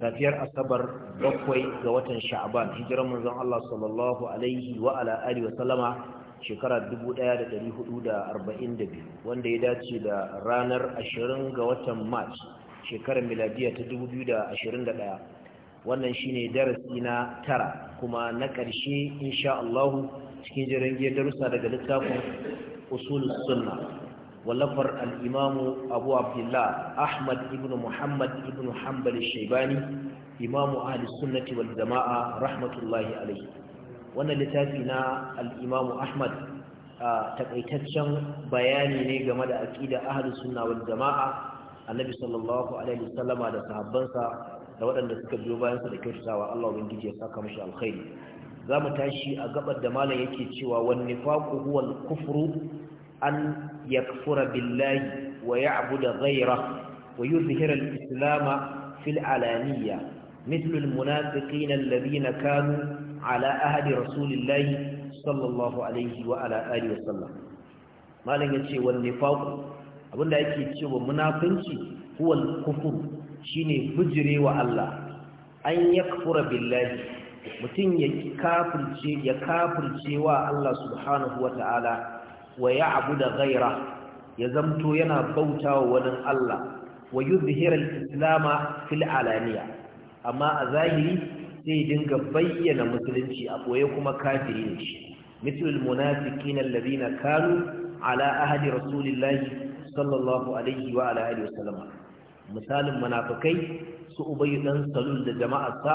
Tafiyar asabar bakwai ga watan sha'aban hijiran manzon Allah sallallahu alaihi wa ala alihi wa sallama shekara 1442 wanda ya dace da ranar 20 ga watan March shekarar miladiya ta 2021 wannan shine darasi na tara kuma na ƙarshe insha Allah cikin jirage darussa daga littafin usul sunna wallafar al'imamu abu abdullah ahmad ibn muhammad ibn hanbal shaibani imamu ahli sunnati wal jama'a rahmatullahi alaihi wannan littafi na al'imamu ahmad takaitaccen bayani ne game da aƙida ahli sunna wal jama'a annabi sallallahu alaihi wasallama da sahabbansa da waɗanda suka biyo bayansa sa da kyautatawa Allah ubangiji ya saka mashi alkhairi zamu tashi a gabar da malam yake cewa wan nifaqu huwa al-kufru an يكفر بالله ويعبد غيره ويظهر الإسلام في العلانية مثل المنافقين الذين كانوا على أهد رسول الله صلى الله عليه وعلى آله وسلم ما لن يتشي والنفاق أبن لا يتشي ومنافنشي هو الكفر شيني بجري وعلا أن يكفر بالله متين يكافر جي يكافر جي وعلا سبحانه وتعالى wa da gaira ya zamto yana bautawa wani Allah wa yuzhiru al-islama fil alaniya amma a zahiri sai dinga bayyana musulunci a ɓoye kuma kafiri ne shi mithlul munafiqina alladhina kanu ala ahdi rasulillahi sallallahu alaihi wa ala misalin munafikai su ubai dan salul da jama'arsa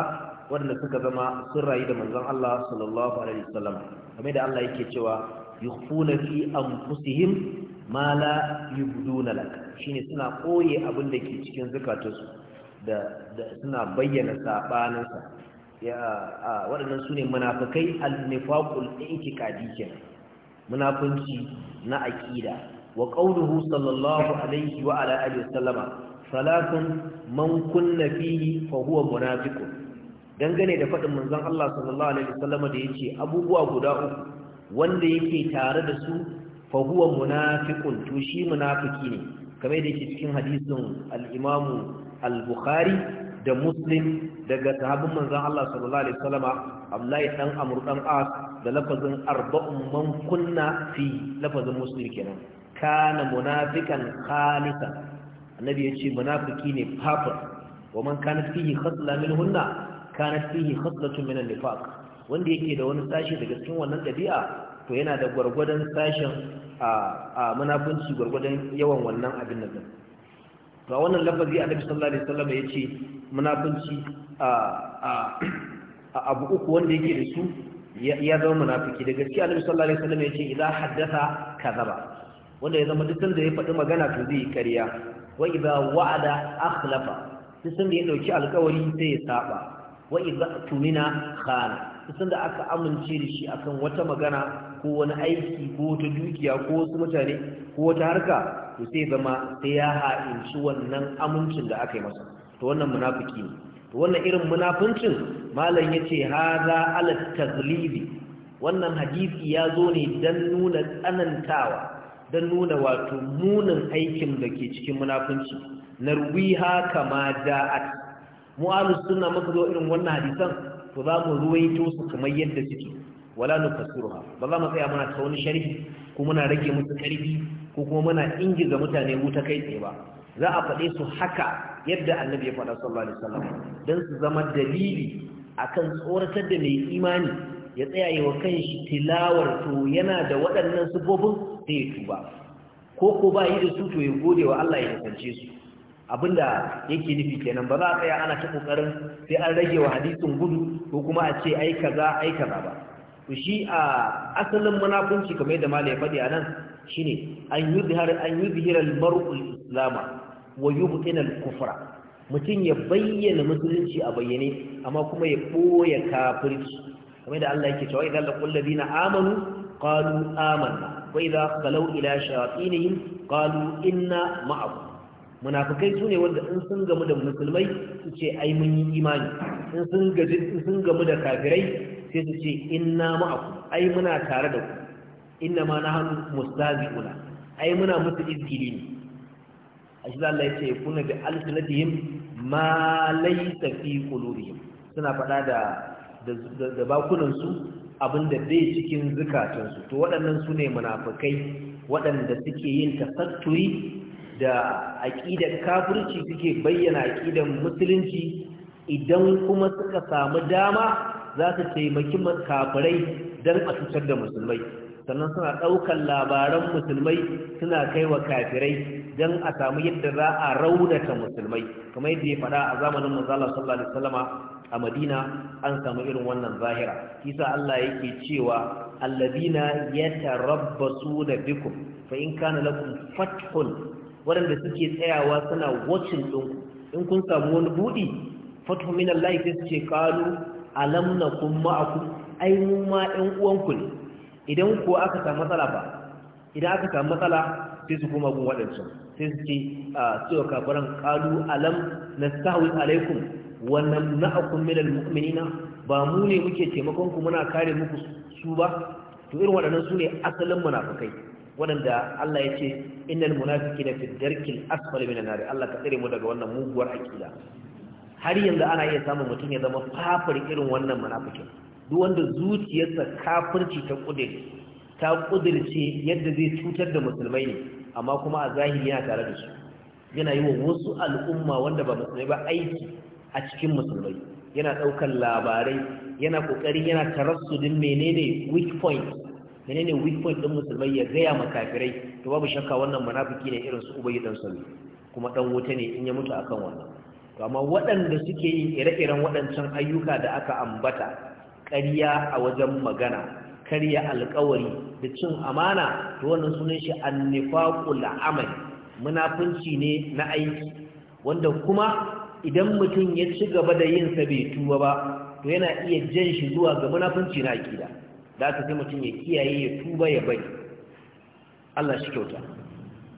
wadanda suka zama sun rayu da manzon Allah sallallahu alaihi wasallam kamar da Allah yake cewa yukhfuna fi anfusihim ma la yubduna lak shine suna koye abin da ke cikin zakatunsu da suna bayyana sa ya a wadannan sune munafikai al-nifaqul i'tiqadi kenan munafunci na aqida wa qawluhu sallallahu alaihi wa ala alihi sallama salatun man kunna fihi fa huwa munafiqun dangane da fadin manzon Allah sallallahu alaihi wasallama da yace abubuwa guda uku wanda yake tare da su fa munafikun to shi munafiki ne kamar da yake cikin hadisin al'imamu al-Bukhari da Muslim daga sahabin manzan Allah sallallahu alaihi wasallama Abdullahi dan Amr dan As da lafazin arba'un man kunna fi lafazin Muslim kenan kana munafiqan khalisan annabi yace munafiki ne fafa wa man kana fihi khasla hunna, kana fihi khaslatu min an-nifaq wanda yake da wani sashi daga cikin wannan ɗabi'a to yana da gwargwadon sashen a munafunci gwargwadon yawan wannan abin nan din to a wannan lafazi annabi sallallahu alaihi wasallam ce munafunci a a abu uku wanda yake da su ya zama munafiki da gaskiya annabi sallallahu alaihi wasallam ce idan haddatha kadhaba wanda ya zama dukkan da ya faɗi magana to zai ƙarya wa idan wa'ada akhlafa duk da ya dauki alƙawari sai ya saba wa idan tumina khana kusan da aka amince da shi akan wata magana ko wani aiki ko wata dukiya ko wasu mutane ko wata harka to sai zama sai ya ha'inci wannan amincin da aka yi masa to wannan munafiki ne to wannan irin munafincin malam ya yace hadha ala taghlibi wannan hadisi ya zo ne dan nuna tsanantawa dan nuna wato munin aikin da ke cikin munafinci narwiha kama da'at mu ahlus sunna muka zo irin wannan hadisan to za mu ruwaito su kamar yadda suke wala fasiruha ba za mu tsaya muna ta wani sharhi ko muna rage musu karfi ko kuma muna ingiza mutane wuta kai tsaye ba za a faɗe su haka yadda annabi ya faɗa sallallahu alaihi wasallam dan su zama dalili akan tsoratar da mai imani ya tsaya yi wa kanshi tilawar to yana da waɗannan sifofin, sai ya tuba ko ko ba yi da su to ya gode wa Allah ya kasance su abinda yake nufi kenan ba za a tsaya ana ta kokarin sai an rage wa hadisin gudu ko kuma a ce ai kaza ai kaza ba to shi a asalin munafunci kamar yadda malai faɗi a nan shine an yuzhar an yuzhir al-mar'u al-islama wa yubtin al-kufra mutum ya bayyana musulunci a bayyane amma kuma ya boye kafirci kamar yadda Allah yake cewa idan laqul ladina amanu qalu amanna wa idza qalu ila shayatinihim qalu inna ma'akum munafikai su ne wanda in sun gamu da musulmai su ce ai mun yi imani in sun gaji in sun gamu da kafirai sai su ce inna ma'akum ai muna tare da ku inna ma nahnu mustazi'una ai muna musu izgili ne ashi da Allah ya ce kuna bi alsinatihim ma laysa fi qulubihim suna faɗa da da bakunan su abinda bai cikin su to waɗannan su ne munafikai waɗanda suke yin tasatturi da aƙidar kafirci suke bayyana aƙidar musulunci idan kuma suka samu dama za su taimaki kafirai don a cutar da musulmai sannan suna ɗaukar labaran musulmai suna kaiwa kafirai don a samu yadda za a raunata musulmai kamar yadda ya faɗa a zamanin manzala sallallahu alaihi wasallama a madina an samu irin wannan zahira kisa Allah yake cewa alladina yatarabbasu da bikum fa in kana lakum fathun waɗanda suke tsayawa suna watching ɗinku in kun samu wani buɗi fatu minan laifin sai su ce kalu alam na kun ma'aku ai mu ma uwanku ne idan ko aka samu matsala ba idan aka samu matsala sai su kuma gun waɗansu sai su ce cewa kafaran kalu alam na sahawin alaikum wannan na'akun minan mu'minina ba mu ne muke taimakon ku muna kare muku su ba to irin waɗannan su ne asalin munafukai waɗanda Allah ya ce innal munafiqina fi darkil asfali minan nar Allah ka tsare mu daga wannan muguwar akida har yanzu ana iya samun mutum ya zama fafar irin wannan munafikin duk wanda zuciyarsa kafirci ta kudir ta kudirce yadda zai cutar da musulmai ne amma kuma a zahiri yana tare da su yana yi wa wasu al'umma wanda ba musulmai ba aiki a cikin musulmai yana ɗaukar labarai yana ƙoƙari yana tarassudin menene weak point menene weak point ɗin musulmai ya gaya ma kafirai to babu shakka wannan munafiki ne irin su ubayi dan sami kuma dan wuta ne in ya mutu akan wannan to amma waɗanda suke yin ire-iren waɗancan ayyuka da aka ambata ƙarya a wajen magana karya alƙawari da cin amana to wannan sunan shi annifaqul amal munafunci ne na aiki wanda kuma idan mutum ya ci gaba da yin bai tura ba to yana iya jan shi zuwa ga munafunci na akida da aka sai mutum ya kiyaye ya tuba ya bari Allah shi kyauta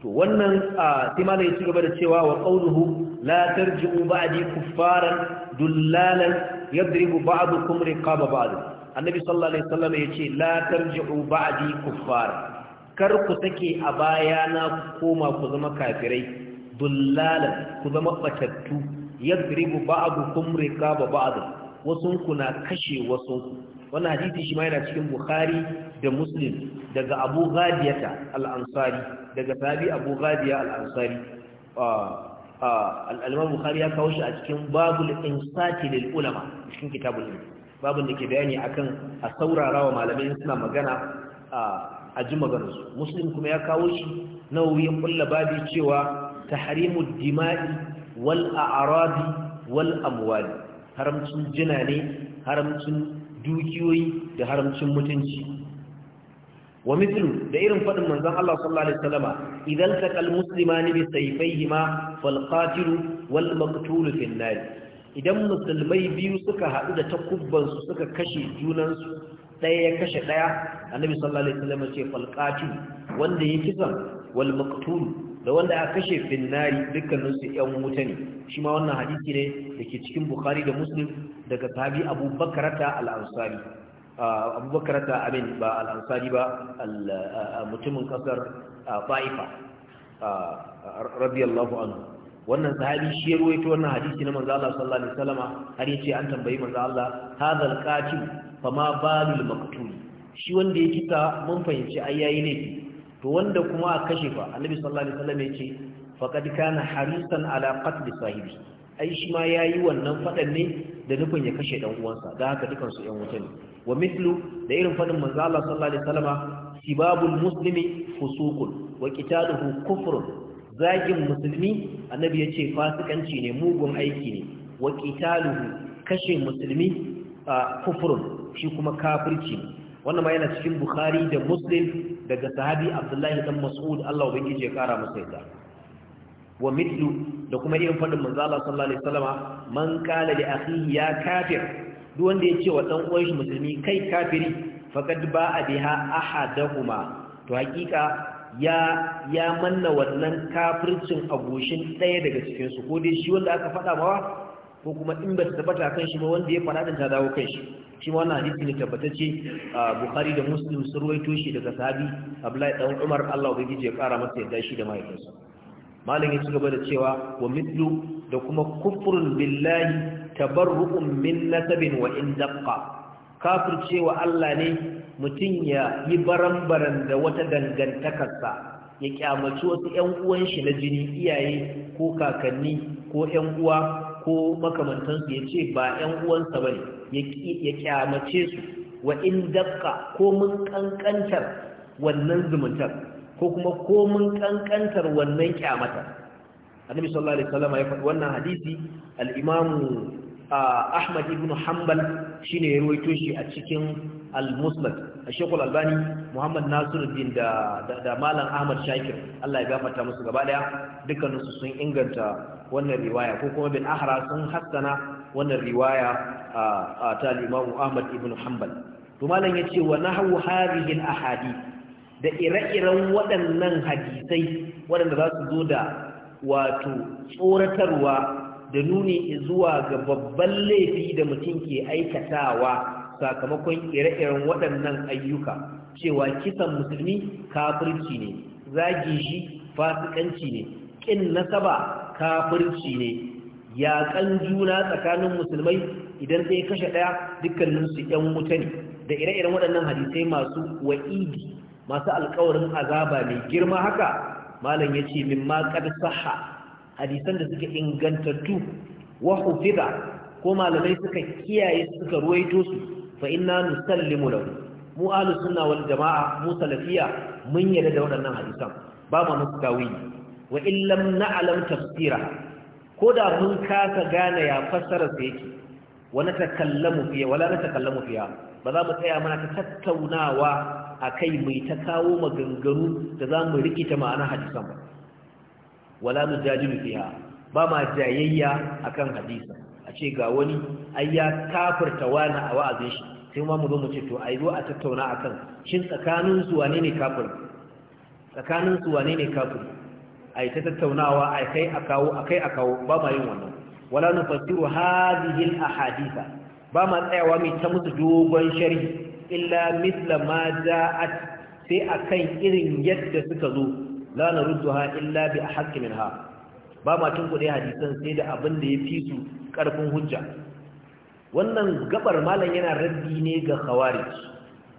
to wannan sai malai ya ci gaba da cewa wa qawluhu la tarji'u ba'di kuffaran dullalan yadribu ba'dukum riqaba ba'd annabi sallallahu alaihi wasallam yace la tarji'u ba'di kuffar kar ku take a baya na koma ku zama kafirai dullalan ku zama batattu yadribu ba'dukum riqaba ba'd wasun kuna kashe wasun wannan hadisi shi ma yana cikin bukhari da muslim daga abu ghadiyata al-ansari daga sahabi abu ghadiya al-ansari ah, ah, al-imam bukhari ya kawo shi a cikin babul insati lil ulama cikin kitabul ilm babun da ke bayani akan a saurarawa wa malamai suna magana a ji maganarsu muslim kuma ya kawo shi nawawi ya kulla babi cewa tahrimud dima'i wal a'rabi wal amwali haramcin jina ne haramcin dukiyoyi da haramcin mutunci wa mithlu da irin fadin manzon Allah sallallahu alaihi wasallama idan taqal muslimani bi sayfayhima fal qatil wal maqtul nar idan musulmai biyu suka hadu da takubban su suka kashe junan su daya ya kashe daya annabi sallallahu alaihi wasallama ce fal qatil wanda ya kisa wal maqtul da wanda aka kashe fil nar su yan wuta ne shi ma wannan hadisi ne dake cikin bukhari da muslim daga sahabi abubakarata al'ansari ah, abubakarata amin ba al'ansari ba ah, ah, mutumin kasar fa'ifa radiyallahu anhu wannan sahabi shi ya ruwaito wannan hadisi na manzo Allah sallallahu alaihi wasallama har yace an tambayi manzo Allah hadha al-qatil fama balul maqtul shi wanda ya kita mun fahimci ai yayi ne to wanda kuma a kashe fa annabi sallallahu alaihi wasallam yace faqad kana harisan ala qatl sahibi ai shi ma yi wannan faɗan ne da nufin ya kashe ɗan uwansa da haka dukansu 'yan wuta ne wa mithlu da irin faɗin manzo sallallahu alaihi wasallama sibabul muslimi fusuqun wa qitaluhu kufrun zagin musulmi annabi yace fasikanci ne mugun aiki ne wa qitaluhu kashe musulmi kufrun shi kuma kafirci ne wannan ma yana cikin bukhari da muslim daga sahabi abdullahi dan mas'ud Allah ubangiji ya kara masa yarda wa mitlu da kuma irin fadin manzo Allah sallallahu alaihi wasallama man qala li akhihi ya kafir duk wanda ya ce wa dan uwan shi musulmi kai kafiri faqad ba'a biha ahadahuma to hakika ya ya manna wannan kafircin abushin daya daga cikin su ko dai shi wanda aka fada mawa ko kuma in ba tabbata kan shi ba wanda ya fada din ta dawo kan shi shi ma wannan hadisi ne tabbatacce Bukhari da Muslim sun ruwaito shi daga sahabi Abdullahi dan Umar Allah ya ubangiji ya kara masa yadda shi da mahaifinsa malam ya ci gaba da cewa wa mithlu da kuma kufrun billahi tabarru'un min nasabin wa in daqqa cewa Allah ne mutum ya yi barambaran da wata dangantakarsa ya kyamaci wasu ƴan uwan shi na jini iyaye ko kakanni ko ƴan uwa ko makamantansu ya ce ba ƴan uwansa bane ya kyamace su wa in daqqa ko mun kankantar wannan zumuntar ko kuma komin kankantar wannan kyamata annabi sallallahu alaihi wasallam ya faɗi wannan hadisi al-imam Ahmad ibn Hanbal shine ya rawaito shi a cikin al-Musnad Sheikh al-Albani Muhammad Nasiruddin da da Malam Ahmad Shakir Allah ya gafarta musu gaba daya sun inganta wannan riwaya ko kuma bin Ahra sun hassana wannan riwaya ta al-Imam Ahmad ibn Hanbal to malam yace wa nahwu hadhihi al-ahadith da ire-iren waɗannan hadisai waɗanda za su zo da wato tsoratarwa da nuni zuwa ga babban laifi da mutum ke aikatawa sakamakon ire-iren waɗannan ayyuka cewa kisan musulmi kafirci ne zagi shi fasikanci ne ƙin nasaba kafirci ne yaƙan juna tsakanin musulmai idan ɗaya kashe ɗaya dukkaninsu ‘yan mutane. da ire-iren waɗannan hadisai masu wa'idi masu alkawarin azaba mai girma haka malam ya ce min maƙar saha hadisan da suka ingantattu wa hufiza ko malamai suka kiyaye suka ruwaito su fa inna nusallimu lahu mu ahlus sunna wal jama'a mu salafiya mun yarda da waɗannan hadisan ba ma musu tawili wa illam na'lam tafsira ko da mun kasa gane ya fassara sa yake wa natakallamu fiya wala natakallamu fiya ba za mu tsaya mana ta tattaunawa a kai mai ta kawo maganganu da za mu rikita ma'ana hadisan ba wala mu jajiru fiha ba ma jayayya akan hadisan a ce ga wani ai ya kafirta wani a wa'azin shi sai ma mu zo mu ce to ai zo a tattauna akan shin tsakanin su wane ne kafir tsakanin su wane ne kafir ai ta tattaunawa ai kai a kawo akai a kawo ba ma yin wannan wala nufassiru hadhihi al ahaditha ba ma tsayawa mai ta musu dogon sharhi illa misla ma ja'at sai akan irin yadda suka zo la narudduha illa bi haqqi minha ba ma tun kuɗe hadisan sai da abin da ya fi su ƙarfin hujja wannan gabar malam yana raddi ne ga khawarij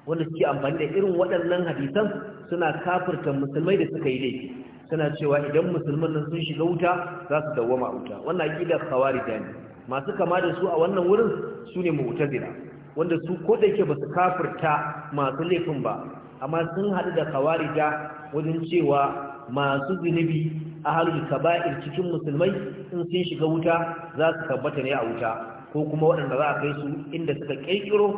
wanda suke amfani da irin waɗannan hadisan suna kafirta musulmai da suka yi laifi suna cewa idan musulman nan sun shiga wuta za su dawwama wuta wannan aqidar khawarij ne masu kama da su a wannan wurin su ne mu'tazila wanda su ko da yake ba su kafirta masu laifin ba amma sun haɗu da kawarija wajen cewa masu zunubi a halin kaba'ir cikin musulmai in sun shiga wuta za su tabbata ne a wuta ko kuma waɗanda za a kai su inda suka ƙirƙiro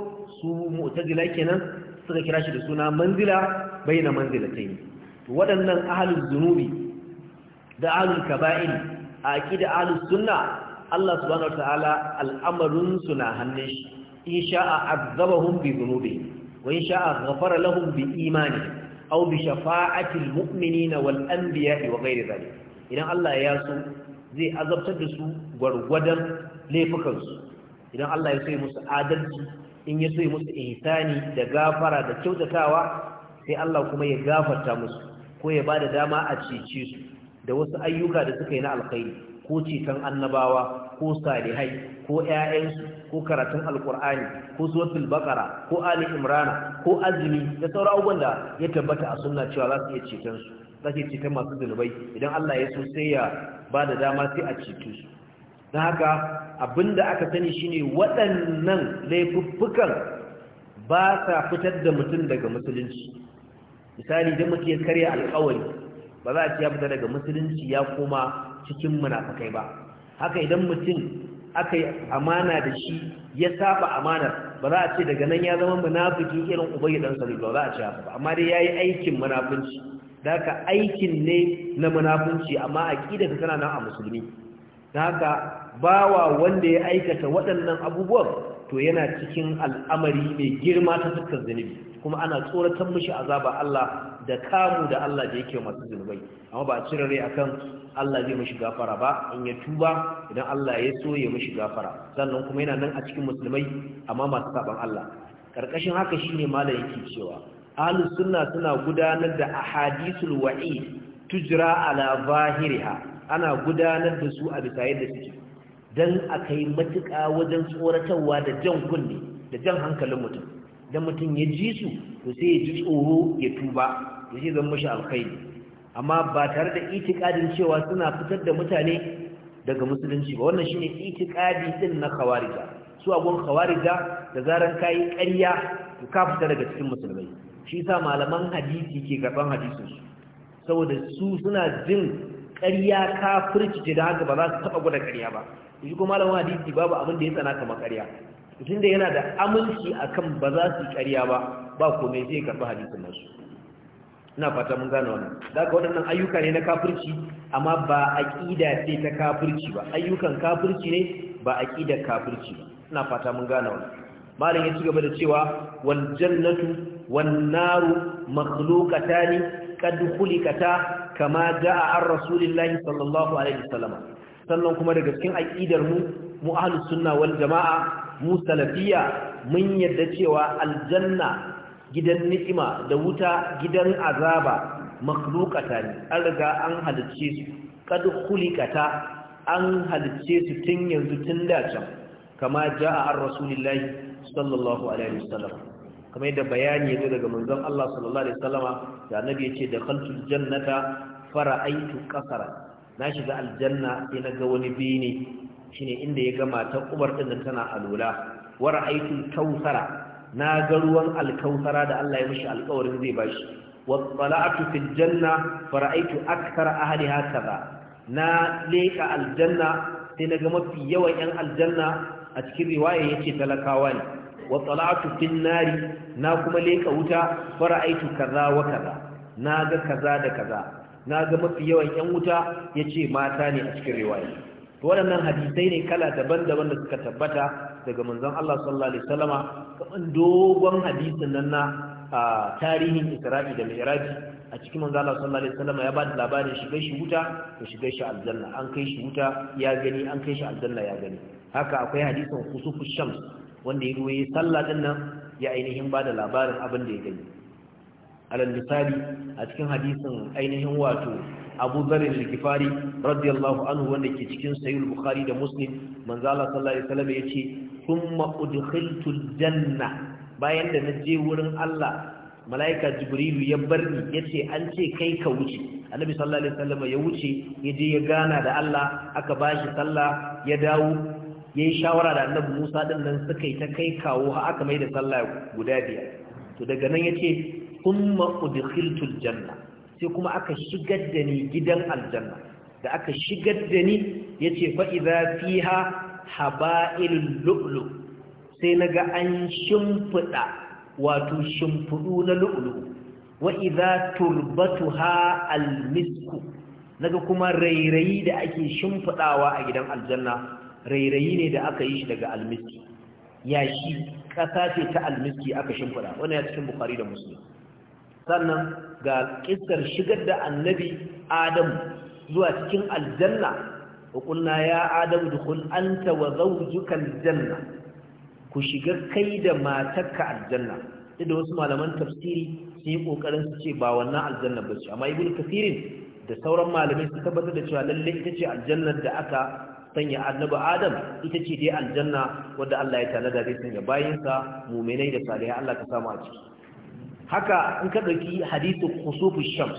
su mu'tazila kenan suka kira shi da suna manzila bai na manzila ta manzilatai waɗannan ahalin zunubi da ahalin kaba'ir a aƙida ahalin sunna Allah subhanahu wa ta'ala al'amarin na hannun shi in sha'a azabahum bi dhunubi wa in sha'a ghafara lahum bi imani aw bi mu'mini na wal anbiya'i wa ghairi dhalik idan Allah ya so zai azabtar da su gwargwadon laifukansu, idan Allah ya so ya musu adalci in ya so ya musu ihsani da gafara da kyautatawa sai Allah kuma ya gafarta musu ko ya ba da dama a cece su da wasu ayyuka da suka yi na alkhairi ko ceton annabawa ko salihai ko ƴaƴansu ko karatun alkur'ani ko suratul baqara ko ali imrana ko azumi da sauran abubuwan da ya tabbata a sunna cewa za su iya ceton su za su ceton masu zunubai idan Allah ya so sai ya ba da dama sai a ceto su don haka abinda aka sani shine waɗannan laifuffukan ba sa fitar da mutum daga musulunci misali idan mutum ya karya alƙawari ba za a ya fita daga musulunci ya koma cikin munafukai ba haka idan mutum aka yi amana da shi ya saba amanar ba za a ce daga nan ya zama munafiki irin ubangi dan salu ba za a ce haka ba amma dai yayi aikin munafunci da haka aikin ne na munafunci amma aqida ka tana nan a musulmi da haka bawa wanda ya aikata waɗannan abubuwan to yana cikin al'amari mai girma ta dukkan zunubi kuma ana tsoratar mishi azaba Allah da kamu da Allah da yake masu zunubai amma ba a cire rai akan Allah zai mishi gafara ba in ya tuba idan Allah ya so ya mishi gafara sannan kuma yana nan a cikin musulmai amma masu saban Allah karkashin haka shine malam yake cewa ahlus sunna suna gudanar da ahadisul wa'id tujra ala zahiriha ana gudanar da su a bisa yadda suke don a kai matuƙa wajen tsoratarwa da jan kunne da jan hankalin mutum don mutum ya ji su to sai ya ji tsoro ya tuba da sai zan mashi alkhairi amma ba tare da itikadin cewa suna fitar da mutane daga musulunci ba wannan shine itikadi din na khawarija su agon khawarija da zaran kayi ƙarya to ka fita daga cikin musulmai shi sa malaman hadisi ke karban hadisin saboda su suna jin ƙarya kafirci da haka ba za su taɓa gwada ƙarya ba shi kuma malamin hadisi babu abin da ya tsana kamar ƙarya tun da yana da aminci akan ba za su ƙarya ba ba komai zai karɓi hadisin nasu ina fata mun gane wannan da ka waɗannan ayyuka ne na kafirci amma ba aƙida ce ta kafirci ba ayyukan kafirci ne ba ƙida kafirci ba ina fata mun gane wannan malam ya ci gaba da cewa wal jannatu wan naru makhluqatani qad khuliqata kama jaa ar rasulillahi sallallahu alaihi wasallam sannan kuma daga cikin aƙidar mu mu ahlus sunna wal jama'a mu salafiyya mun yadda cewa aljanna gidan ni'ima da wuta gidan azaba makhluqata ne an riga an halicce su kad khuliqata an halicce su tun yanzu tun da can kama jaa ar rasulillahi sallallahu alaihi wasallam kamar yadda bayani ya zo daga manzon Allah sallallahu alaihi wasallama da annabi yace da khalqul jannata fara'aitu qasara na shiga aljanna sai na ga wani bene shine inda ya ga matar Umar din tana alula wa ra'aytu na ga ruwan alkausara da Allah ya mishi alƙawarin zai bashi wa tsala'atu fil janna fa ra'aytu akthara ahliha kaza na leka aljanna sai na ga mafi yawan yan aljanna a cikin riwaya yace talakawa ne wa tsala'atu fil nari na kuma leka wuta fa ra'aytu kaza wa kaza na ga kaza da kaza na ga mafi yawan yan wuta ya ce mata ne a cikin riwaya waɗannan hadisai ne kala daban-daban da suka tabbata daga manzon Allah sallallahu alaihi wasallama kaman dogon hadisin nan na tarihin Isra'i da Mi'raj a cikin manzon Allah sallallahu alaihi wasallama ya ba da labarin shigar shi wuta da shigar shi aljanna an kai shi wuta ya gani an kai shi aljanna ya gani haka akwai hadisin kusufu shams wanda ya ruwaye sallah din nan ya ainihin ba da labarin abin da ya gani alal misali a cikin hadisin ainihin wato abu zarin likifari radiyallahu anhu wanda ke cikin sayul bukhari da muslim manzo Allah sallallahu alaihi wasallam yace thumma udkhiltu janna bayan da naje wurin Allah malaika jibrilu ya bar ni yace an ce kai ka wuce annabi sallallahu alaihi wasallam ya wuce ya je ya gana da Allah aka bashi sallah ya dawo yayi shawara da annabi Musa din nan suka yi ta kai kawo aka mai da sallah guda biyar to daga nan yace thumma udkhiltul janna sai kuma aka shigar da ni gidan aljanna da aka shigar da ni yace fa idza fiha haba'ilul lu'lu sai naga an shimfida wato shimfudu na lu'lu wa idza turbatuha almisku naga kuma rairayi da ake shimfiɗawa a gidan aljanna rairayi ne da aka yi shi daga almiski yashi kasa ce ta almiski aka shimfida wannan ya cikin bukhari da muslim sannan ga ƙisar shigar da annabi adam zuwa cikin aljanna wa ya adam dukhul anta wa zawjuka janna, ku shiga kai da matarka aljanna da wasu malaman tafsiri sun yi su ce ba wannan aljanna ba ce amma ibnu kathirin da sauran malamai su tabbatar da cewa lalle ita ce aljannar da aka sanya annabi adam ita ce dai aljanna wadda Allah ya tanada zai sanya bayansa mu'minai da salihai Allah ka samu a ciki haka in ka ɗauki hadisin kusufu shams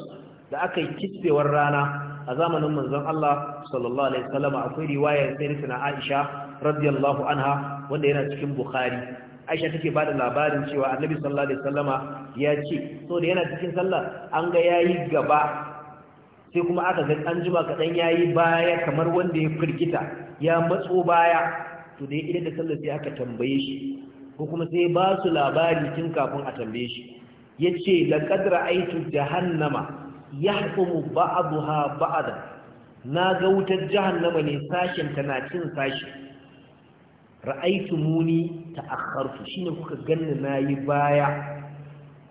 da aka yi kitsewar rana a zamanin manzon Allah sallallahu alaihi wasallam akwai riwayar na Aisha radiyallahu anha wanda yana cikin Bukhari Aisha take bada labarin cewa Annabi sallallahu alaihi wasallama ya ce so da yana cikin sallah an ga yayi gaba sai kuma aka ga an jima dan yayi baya kamar wanda ya firkita ya matso baya to da ya idan da sallah sai aka tambaye shi ko kuma sai ba su labari tun kafin a tambaye shi yace laqad ra'aytu jahannama ba'adu ha ba'da na ga wutar jahannama ne sashin tana cin sashi ra'aytu muni ta ta'akhartu shine kuka ganni nayi baya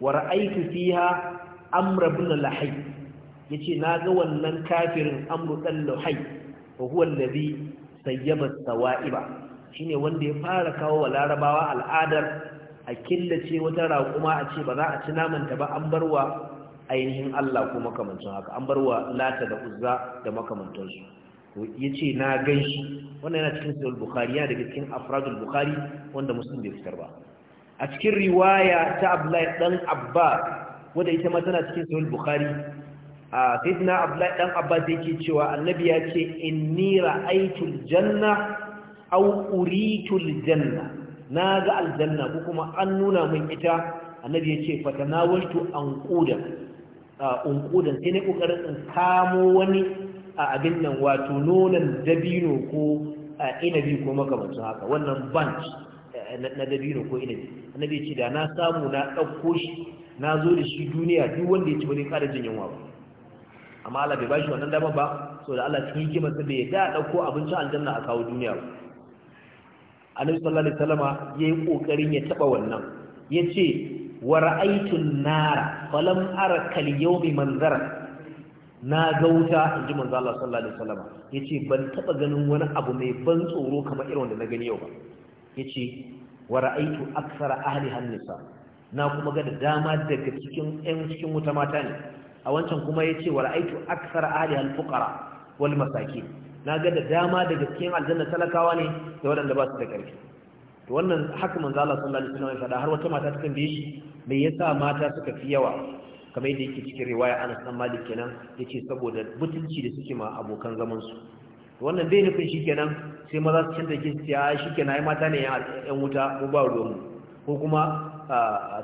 wa ra'aytu fiha amr lahai. Ya yace na ga wannan kafirin amru amr dan lahay wa huwa alladhi sayyaba sawa'iba shine wanda ya fara kawo wa larabawa al'adar a killace wata raƙuma a ce ba za a ci namanta ba an barwa ainihin Allah ko makamantan haka an barwa lata da uzza da makamantansu ya ce na gan shi wannan yana cikin sayar bukari yana daga cikin afradul bukari wanda musulun bai fitar ba a cikin riwaya ta abdullahi dan abba wadda ita ma tana cikin sayar bukari a sayyidina abdullahi dan abba da yake cewa annabi ya ce inni ra'aytul janna au uritul janna na ga aljanna ko kuma an nuna min ita annabi ya ce fatanawashtu an kuda unkudan sai ne kokarin in kamo wani a abin nan wato nonon dabino ko inabi ko makamancin haka wannan bunch eh, na dabino ko inabi annabi ya ce da na samu na ɗauko shi na zo da shi duniya duk wanda ya ci wani ƙara jin yunwa ba amma Allah bai bashi wannan dama ba saboda Allah cikin hikimarsa bai da ɗauko abincin aljanna a kawo duniya ba annabi sallallahu alaihi wasallama yayi kokarin ya taba wannan yace wa ra'aytun nar nara falam ara kal yawmi manzara na gauta, wuta inji manzo Allah sallallahu alaihi wasallama yace ban taba ganin wani abu mai ban tsoro kamar irin wanda na gani yau ba yace wa ra'aytu akthara ahli hannisa na kuma ga dama daga cikin ɗan cikin wuta mata ne a wancan kuma yace wa ra'aytu akthara ahli al-fuqara wal masakin na ga da dama daga cikin aljanna talakawa ne da waɗanda ba su da ƙarfi to wannan haka manzo Allah sallallahu alaihi wasallam ya faɗa har wata mata ta tambaye shi me yasa mata suka fi yawa kamar yadda yake cikin riwaya Anas bin Malik kenan yace saboda mutunci da suke ma abokan zaman su wannan bai nufin shikenan sai maza su canza ke siya shikenan ai mata ne yan wuta ko ba ruwan ko kuma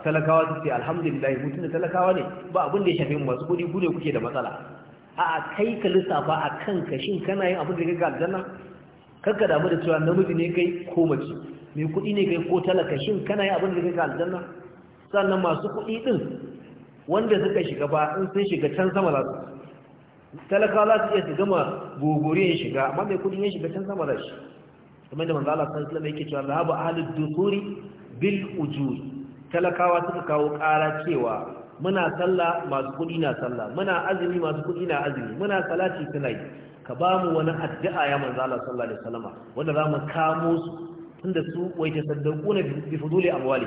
talakawa su ce alhamdulillah mutum da talakawa ne ba abin da ya shafi masu kuɗi ku ne kuke da matsala a kai ka lissafa a kan kashin kana yin abin da kai ga aljanna karka damu da cewa namiji ne kai ko mace mai kuɗi ne kai ko talaka shin kana yin abin da kai ga aljanna sannan masu kuɗi din wanda suka shiga ba in sun shiga can sama za su talaka za su iya su gama gogoriyar shiga amma mai kuɗi ya shiga can sama za shi kamar da manzala Allah sallallahu alaihi yake cewa zahabu ahalin dusuri bil ujuri talakawa suka kawo ƙara cewa muna sallah masu kuɗi na sallah muna azumi masu kuɗi na azumi muna salati suna yi ka ba mu wani addu'a ya manzo Allah sallallahu alaihi wasallam wanda zamu kamo su tunda su wai ta saddaku na bi fuduli amwali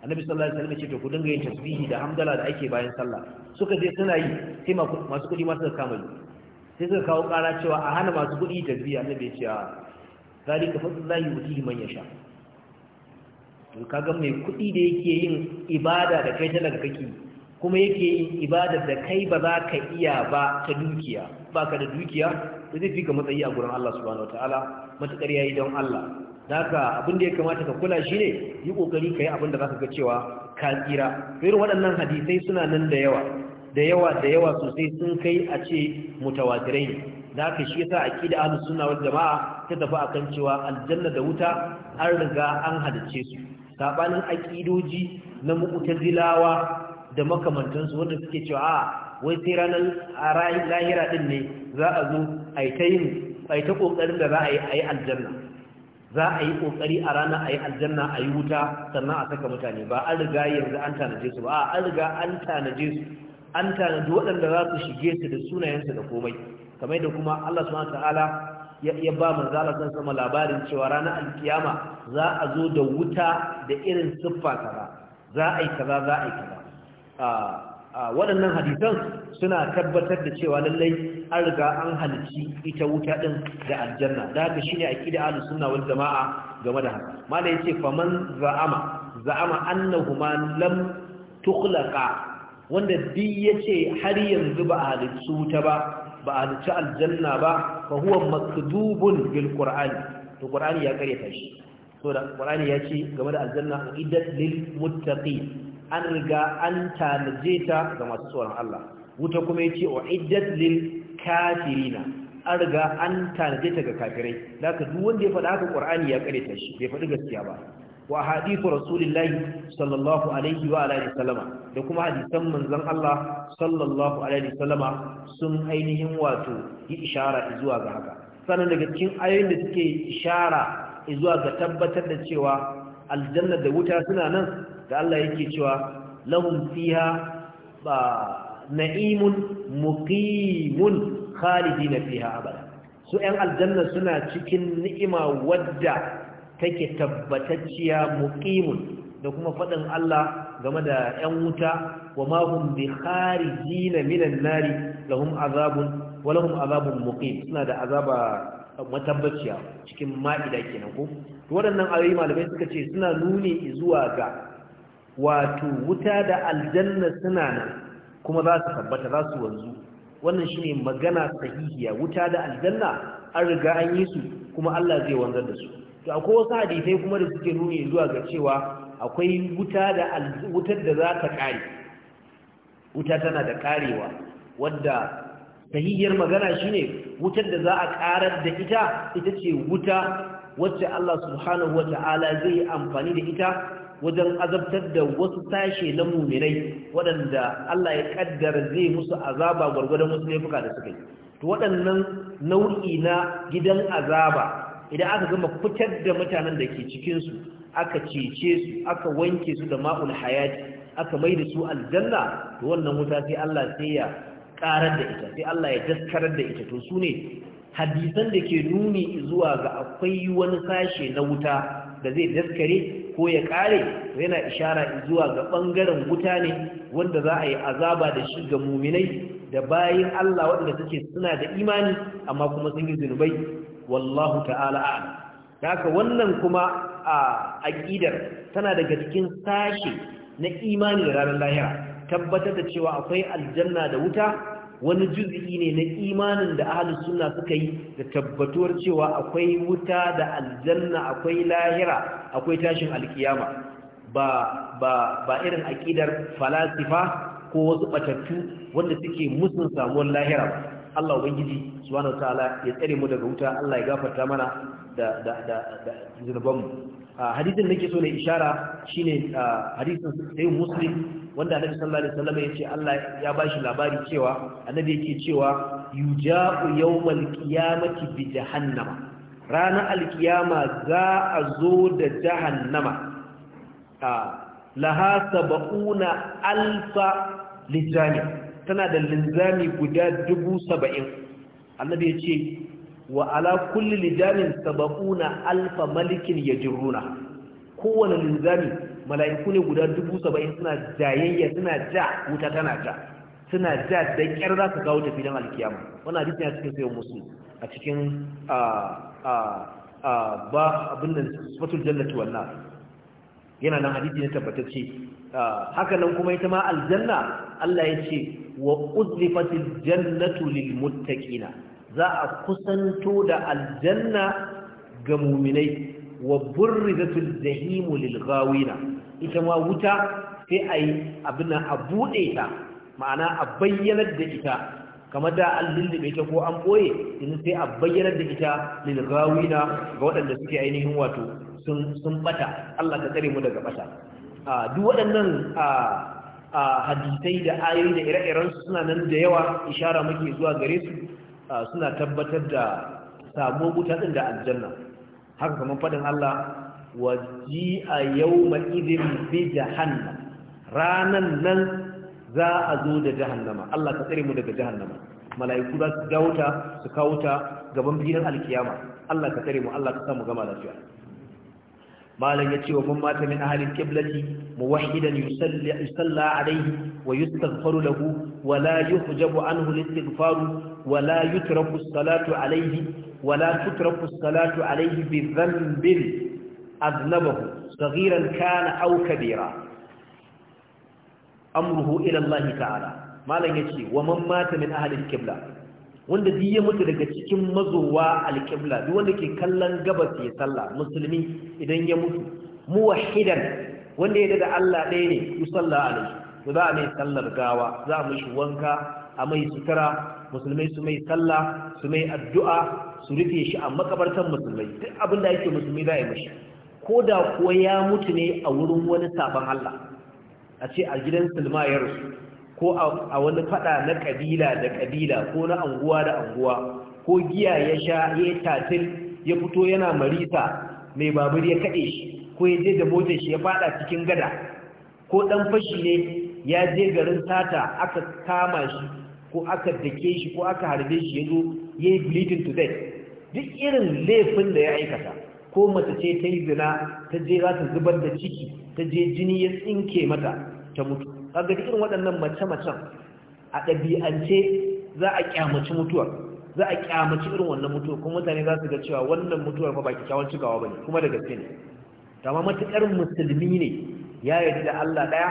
annabi sallallahu alaihi wasallam ce to ku dinga yin tasbihi da hamdala da ake bayan sallah suka je suna yi sai masu kuɗi ma suka kama sai suka kawo ƙara cewa a hana masu kuɗi tasbihi annabi ya ce zalika fadlullahi yutihi man yasha to kaga mai kuɗi da yake yin ibada da kai talaka kake kuma yake yin ibada da kai ba za ka iya ba ta dukiya ba ka da dukiya da zai fi ka matsayi a gurin Allah subhanahu wataala matakar yayi don Allah daga abin da ya kamata ka kula shi ne yi kokari ka yi abin da za ka ga cewa ka tsira irin waɗannan hadisai suna nan da yawa da yawa da yawa sosai sun kai a ce mutawatirai ne da aka shi yasa aqida ahlus sunna wal jamaa ta tafi akan cewa aljanna da wuta an riga an hadace su sabanin aƙidoji na mu'tazilawa da makamantansu wanda suke cewa a ah, wai sai ranar lahira ɗin ne za a zo a yi ta ƙoƙarin da za a yi a yi aljanna za a yi ƙoƙari a rana a yi aljanna a yi wuta sannan a saka mutane ba an riga yanzu an tanaje su ba an riga an tanaje su an tanaji waɗanda za su shige su da sunayensu da komai kamar da kuma Allah subhanahu wa ta'ala ya ba manzala san sama labarin cewa ranar alkiyama za a zo da wuta da irin siffa kaza za a yi kaza za a yi kaza waɗannan hadisan suna tabbatar da cewa lallai an riga an halarci ita wuta ɗin da aljanna da haka shine aqida ahlus suna wani jamaa game da haka ya yace faman za'ama za'ama annahuma lam tukhlaqa wanda duk ce har yanzu ba a halicci wuta ba ba a ci aljanna ba fa huwa maktubun bil qur'ani to qur'ani ya karye shi so da qur'ani ya ce game da aljanna uiddat lil muttaqin an riga an tanaje ta ga masu tsoron Allah wuta kuma yace uiddat lil kafirina an riga an tanaje ta ga kafirai da duk wanda ya faɗa haka qur'ani ya karye shi bai faɗi gaskiya ba wa hadithu rasulillahi sallallahu alaihi wa alihi da kuma hadisan manzon Allah sallallahu alaihi sallama sun ainihin wato yi ishara zuwa ga haka sannan daga cikin ayoyin da suke ishara zuwa ga tabbatar da cewa aljanna da wuta suna nan da Allah yake cewa lahum fiha ba na'imun muqimun khalidina fiha abada su yan aljanna suna cikin ni'ima wadda take tabbatacciya muqimun da kuma faɗin Allah game da 'yan wuta wa ma hum bi kharijina minan nari lahum azabun wa lahum azabun muqim suna da azaba matabbaciya cikin ma'ida kenan ko waɗannan ayoyi malamai suka ce suna nuni zuwa ga wato wuta da aljanna suna nan kuma za su tabbata za su wanzu wannan shine magana sahihiya wuta da aljanna an riga an yi su kuma Allah zai wanzar da su to akwai wasu hadisai kuma da suke nuni zuwa ga cewa akwai wuta da wutar da za ka kare wuta tana da karewa wadda sahihiyar magana shi ne wutar da za a karar da ita ita ce wuta wacce Allah subhanahu ta'ala zai yi amfani da ita wajen azabtar da wasu sashe na muminai waɗanda Allah ya kaddara zai musu azaba gwargwadon wasu laifuka da suka yi to waɗannan nau'i na gidan azaba idan aka gama fitar da mutanen da ke cikinsu aka cece su aka wanke su da ma'ul hayati aka mai da su aljanna to wannan wuta sai Allah sai ya karar da ita sai Allah ya daskarar da ita to sune. hadisan da ke nuni zuwa ga akwai wani sashe na wuta da zai daskare ko ya kare yana ishara zuwa ga bangaren wuta ne wanda za a yi azaba da shi ga muminai da bayin Allah waɗanda suke suna da imani amma kuma sun yi zunubai wallahu ta'ala a'lam haka wannan kuma a aƙidar tana daga cikin sashe na imani da ranar lahira tabbatar da cewa akwai aljanna da wuta wani juz'i ne na imanin da ahlus sunna suka yi da tabbatuwar cewa akwai wuta da aljanna akwai lahira akwai tashin alkiyama ba ba ba irin aƙidar falasifa ko wasu batattu wanda suke musun samuwar lahira ba. Allah ubangiji subhanahu wataala ya tsare mu daga wuta Allah ya gafarta mana da da da, da hadisin da ke so ne ishara shine hadisin sayyid muslim wanda annabi sallallahu alaihi wasallam yace Allah ya bashi labari cewa annabi yake cewa yuja'u yawmal qiyamati bi jahannama ranar alkiyama za a zo da jahannama laha saba'una alfa lijjani tana da linzami guda dubu saba'in annabi ya ce wa ala kulli lijamin saba'una alfa malikin ya jiruna kowane linzami mala'iku ne guda dubu saba'in suna jayayya suna ja wuta tana ja suna ja da ƙyar za su kawo tafi don alkiyama Wani hadisi ya cikin sayan musu a cikin ba abin da sifatul jannati wannan yana nan hadisi ne tabbatacce haka nan kuma ita ma aljanna Allah ya ce wa uzlifatil jannatu lil za a kusanto da aljanna ga mu'minai wa burrizatul jahimu lil ita ma wuta sai yi abin a buɗe ta ma'ana a bayyanar da ita kamar da an lullube ta ko an ɓoye, in sai a bayyanar da ita lil ga waɗanda suke ainihin wato sun sun bata Allah ka tsare mu daga bata a ah, duk waɗannan a ah, a hadisai da ayoyi da ire-iren suna nan da yawa ishara muke zuwa gare su suna tabbatar da samu wuta din da aljanna haka kamar faɗin Allah wa yau ma idhin bi jahannam ranan nan za a zo da jahannama Allah ka tsare mu daga jahannama mala'iku za su su kawo gaban bidan alkiyama Allah ka tsare mu Allah ka sa mu gama lafiya malam ya ce wa man mata min ahalin kiblati muwahidan yusalla alaihi wa yustaghfaru lahu wa la yuhjabu anhu al-istighfaru wa la yutraku as-salatu alaihi wa la tutraku as-salatu alaihi bi dhanbin aznabahu saghiran kana aw kabira amruhu ila Allah ta'ala malam ya ce wa man mata min ahalin kiblati wanda duk ya mutu daga cikin mazowa alƙibla duk wanda ke kallon gabas ya sallah musulmi idan ya mutu mu wahidan wanda ya da Allah ɗaya ne yusalla alaihi to za a mai sallar gawa za a mishi wanka a mai sutura musulmai su mai sallah su mai addu'a su rufe shi a makabartan musulmai duk abin da yake musulmi za a yi mashi. ko da kuwa ya mutu ne a wurin wani sabon Allah a ce a gidan sulma ya rasu ko a wani fada na kabila da kabila ko na anguwa da anguwa ko giya ya sha ya tatil ya fito yana marisa mai babur ya kaɗe shi ko ya je da motar shi ya fada cikin gada ko dan fashi ne ya je garin sata aka kama shi ko aka dake shi ko aka harbe shi yazo yayi ya yi bleeding to death duk irin laifin da ya aikata ko mace ce ta yi zina ta je za ta zubar da ciki ta je jini ya tsinke mata ta mutu kaga irin waɗannan mace-macen a ɗabi'ance za a kyamaci mutuwar za a kyamaci irin wannan mutuwar kuma mutane za su ga cewa wannan mutuwar ba kyakkyawan cikawa bane kuma da gaske ne amma matukar musulmi ne ya yarda da Allah ɗaya,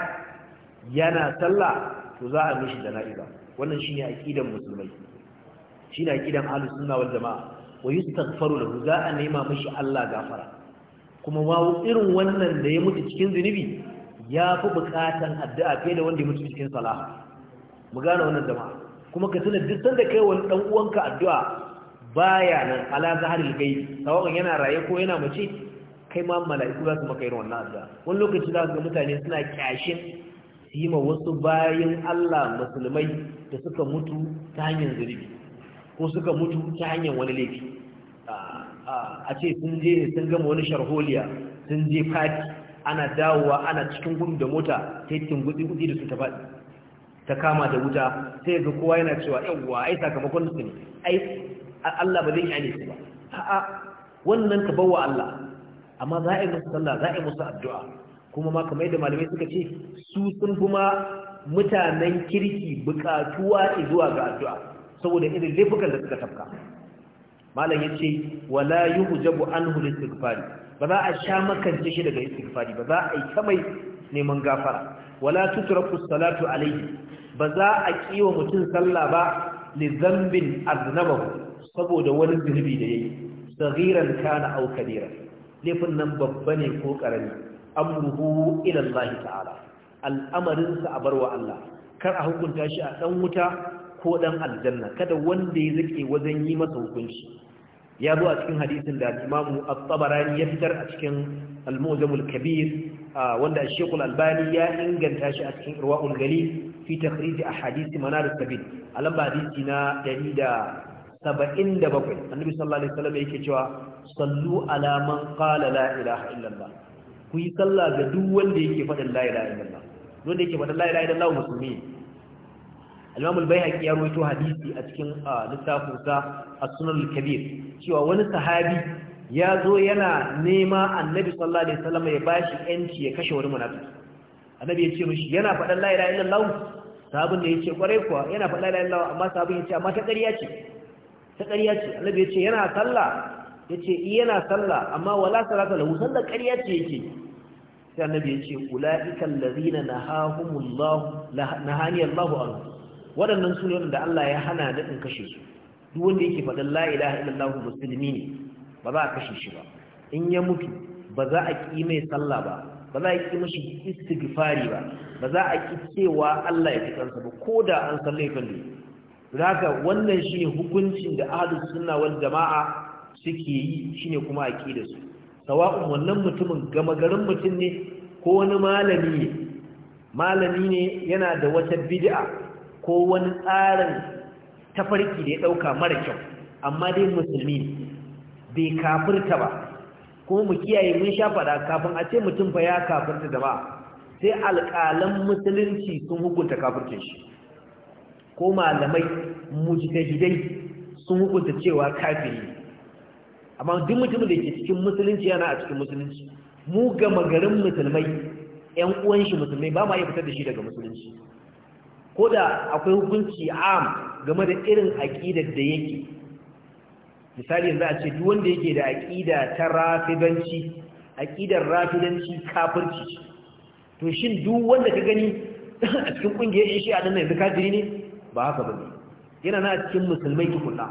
yana sallah to za a mishi jana'iza wannan shine aqidan musulmai shine aqidan ahlus sunna wal jamaa wa yustaghfaru lahu za a nema mishi Allah gafara kuma wawo irin wannan da ya mutu cikin zunubi ya fi bukatan addu'a fiye da wanda ya mutu cikin salaha mu gane wannan jama'a kuma ka tuna duk sanda kai wani dan uwanka addu'a baya nan ala zaharil gai sawan yana raye ko yana mace kai ma mala'iku za su maka irin wannan addu'a wani lokaci za su ga mutane suna kyashin su yi ma wasu bayan Allah musulmai da suka mutu ta hanyar zurbi ko suka mutu ta hanyar wani laifi a ce sun je sun gama wani sharholiya sun je fati ana dawowa ana cikin gudu da mota ta yi tingudi da su ta faɗi ta kama da wuta sai ga kowa yana cewa yawwa ai sakamakon su ne ai Allah ba zai yi ne su ba a'a wannan ka bawa Allah amma za a yi musu sallah za a yi musu addu'a kuma ma kamar yadda malamai suka ce su sun kuma mutanen kirki bukatuwa zuwa ga addu'a saboda irin laifukan da suka tafka malam yace wala an anhu listighfari ba za a sha makance shi daga istighfari ba za a yi ta mai neman gafara wala tutraku salatu alayhi ba za a kiwa mutum sallah ba li dhanbin aznabahu saboda wani zunubi da yayi saghiran kana aw kabira laifin nan babba ne ko karami amruhu ila Allah ta'ala al'amarin sa abarwa Allah kar a hukunta shi a dan wuta ko dan aljanna kada wanda ya zake wajen yi masa hukunci ya zo a cikin hadisin da imamu at-tabarani ya fitar a cikin al-muzamul kabir wanda shaykh al-albani ya inganta shi a cikin irwaul galil fi takhrij ahadith manar as-sabil a lamba hadisi na 177 annabi sallallahu alaihi wasallam yake cewa sallu ala man qala la ilaha illallah ku yi sallah ga duk wanda yake faɗin la ilaha illallah wanda yake faɗin la ilaha illallah musulmi Imam al-Baihaqi ya rawaito hadisi a cikin littafin sa As-Sunan al-Kabir cewa wani sahabi ya zo yana nema Annabi sallallahu alaihi wasallam ya bashi yanci ya kashe wani munafiki Annabi ya ce mishi yana faɗan la ilaha illallah sahabin da yace kwarai kuwa yana faɗan la ilaha illallah amma sahabin yace amma ta ƙarya ce ta ƙarya ce Annabi ya ce yana sallah yace eh, yana sallah amma wala salata lahu sallah ƙarya ce yake sai Annabi ya ce ulaiikal ladina nahahumullahu nahani Allahu anhu waɗannan su ne da Allah ya hana daɗin kashe su duk wanda yake faɗin la'ilaha illallah musulmi ne ba za a kashe shi ba in ya mutu ba za a ƙi mai sallah ba ba za a ƙi mashi istighfari ba ba za a ƙi cewa Allah ya fi kansa ba ko da an san laifin ne haka wannan shine hukuncin da ahlus suna wani jama'a suke yi shine kuma a ƙi da su sawa'un wannan mutumin gama garin mutum ne ko wani malami ne malami ne yana da wata bid'a ko wani tsarin tafarki da ya ɗauka mara kyau amma dai musulmi bai kafirta ba kuma mu kiyaye mun sha faɗa kafin a ce mutum fa ya kafirta da ba sai alƙalan musulunci sun hukunta kafircin shi ko malamai mujtahidai sun hukunta cewa kafiri amma duk mutumin da ke cikin musulunci yana a cikin musulunci mu gama garin musulmai ƴan uwan shi musulmai ba ma iya fitar da shi daga musulunci ko da akwai hukunci am game da irin aƙidar da yake misali yanzu a ce duk wanda yake da aƙida ta rafidanci aƙidar rafidanci kafirci to shin duk wanda ka gani a cikin ƙungiyar yin shi a nan yanzu kafiri ne ba haka ba yana na cikin musulmai tukunna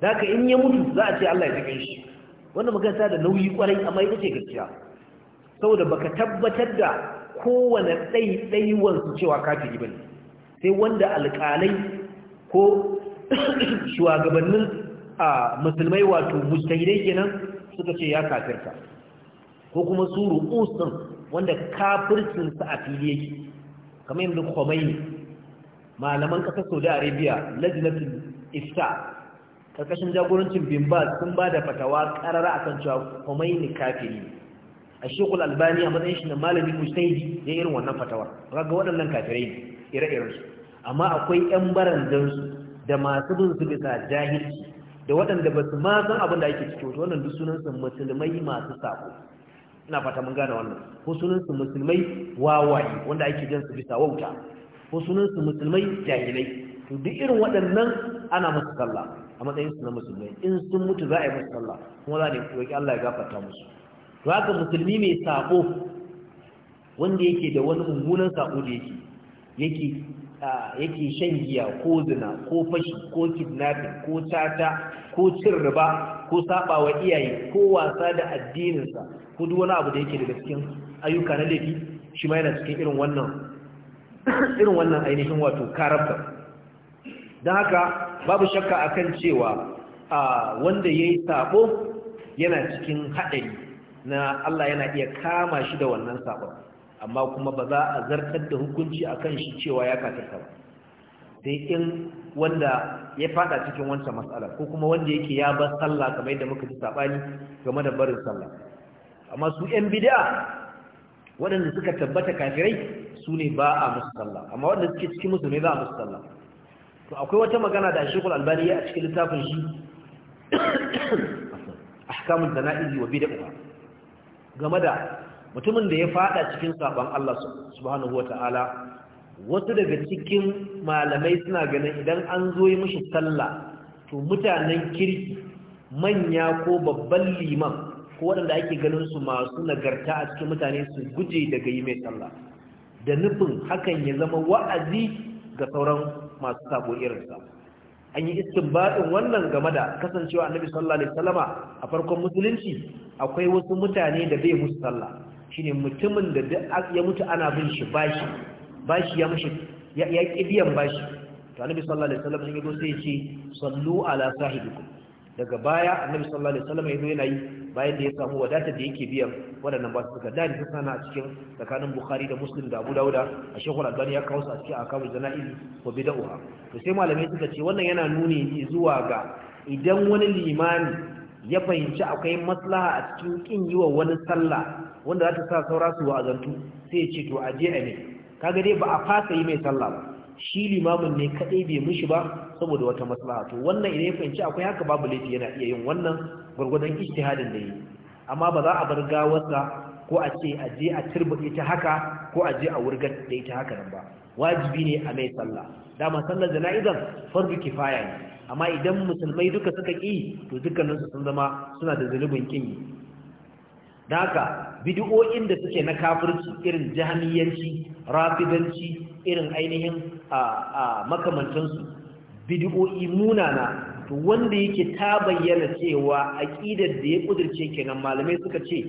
da haka in ya mutu za a ce Allah ya jikin shi wannan magana da nauyi kwarai amma ita ce gaskiya saboda baka tabbatar da kowane ɗaiɗaiwansu cewa kafiri ba ne sai wanda alƙalai ko shugabannin a musulmai wato mustahidai kenan suka ce ya kafirta ko kuma suru ru'usun wanda kafircinsa a fili yake kamar yadda kwamai malaman ƙasar saudi arabia lajinatul ifta ƙarƙashin jagorancin bimba sun ba da fatawa ƙarara a kan cewa kwamai kafiri a shekul albani a matsayin shi na malami mustaidi ya irin wannan fatawar, ga waɗannan kafirai ne ire su. amma akwai 'yan barandansu da masu bin su bisa jahilci da waɗanda ba su ma abin da ake ciki wato wannan duk sunansu musulmai masu sako ina fata mun gane wannan ko sunan sunansu musulmai wawaye wanda ake jan su bisa wauta ko sunan sunansu musulmai jahilai to duk irin waɗannan ana musu sallah a matsayin su na musulmai in sun mutu za a yi musu sallah kuma za a ne roƙi Allah ya gafarta musu to musulmi mai sako wanda yake da wani mummunan sako da yake yake shan giya ko zina ko fashi ko kidnapping ko tata ko cin riba ko saba wa iyaye ko wasa da addininsa ko duk wani abu da yake daga cikin ayyuka na laifi shi ma yana cikin irin wannan irin wannan ainihin wato karabta don haka babu shakka akan cewa wanda ya yi sabo yana cikin haɗari na Allah yana iya kama shi da wannan sabon amma kuma ba za a zartar da hukunci akan shi cewa ya kafirta ba sai in wanda ya fada cikin wancan matsala ko kuma wanda yake ya bar sallah kamar yadda muka ji sabani game da barin sallah amma su ƴan bid'a waɗanda suka tabbata kafirai su ne ba a musu sallah amma waɗanda suke cikin musu ne za a musu sallah to akwai wata magana da Sheikhul Albani ya a cikin littafin shi ahkamul janaizi wa bid'ah game da mutumin da ya fada cikin saban Allah subhanahu wataala wasu daga cikin malamai suna ganin idan an zo yi mishi sallah to mutanen kirki manya ko babban liman ko waɗanda ake ganin su masu nagarta a cikin mutane su guje daga yi mai sallah da nufin hakan ya zama wa'azi ga sauran masu sabo irinsa an yi istinbadin wannan game da kasancewa annabi sallallahu alaihi wasallama a farkon musulunci akwai wasu mutane da bai musu sallah shine mutumin da duk ya mutu ana bin shi bashi bashi ya mushi ya ya biyan bashi to annabi sallallahu alaihi wasallama ya zo sai ya ce sallu ala sahibikum daga baya annabi sallallahu alaihi wasallama ya zo yana yi bayan da ya samu wadata da yake biyan waɗannan ba su suka da ta sana a cikin tsakanin bukhari da muslim da abu dauda a shekul albani ya kawo su a cikin akamun jana'iz ko bida'uha to sai malamai suka ce wannan yana nuni zuwa ga idan wani limani ya fahimci akwai maslaha a cikin kin yi wa wani sallah wanda za ta sa saura su wa'azantu sai ya ce to a je a ne kaga dai ba a fasa yi mai sallah ba shi limamin ne kadai bai mushi ba saboda wata maslaha to wannan idan ya fahimci akwai haka babu laifi yana iya yin wannan gwargwadon ijtihadin da yi amma ba za a bar gawarsa ko a ce a je a turbuɗe ta haka ko a je a wurgar da ita haka nan ba wajibi ne a mai sallah dama sallar jana'izar farzu kifaya ne amma idan musulmai duka suka ƙi to dukkaninsu sun zama suna da zunubin kin yi da haka bidiyoyin da suke na kafirci irin jahamiyanci rafidanci irin ainihin a makamantansu bidiyoyi munana to wanda yake ta bayyana cewa aqidar da ya kudirce kenan malamai suka ce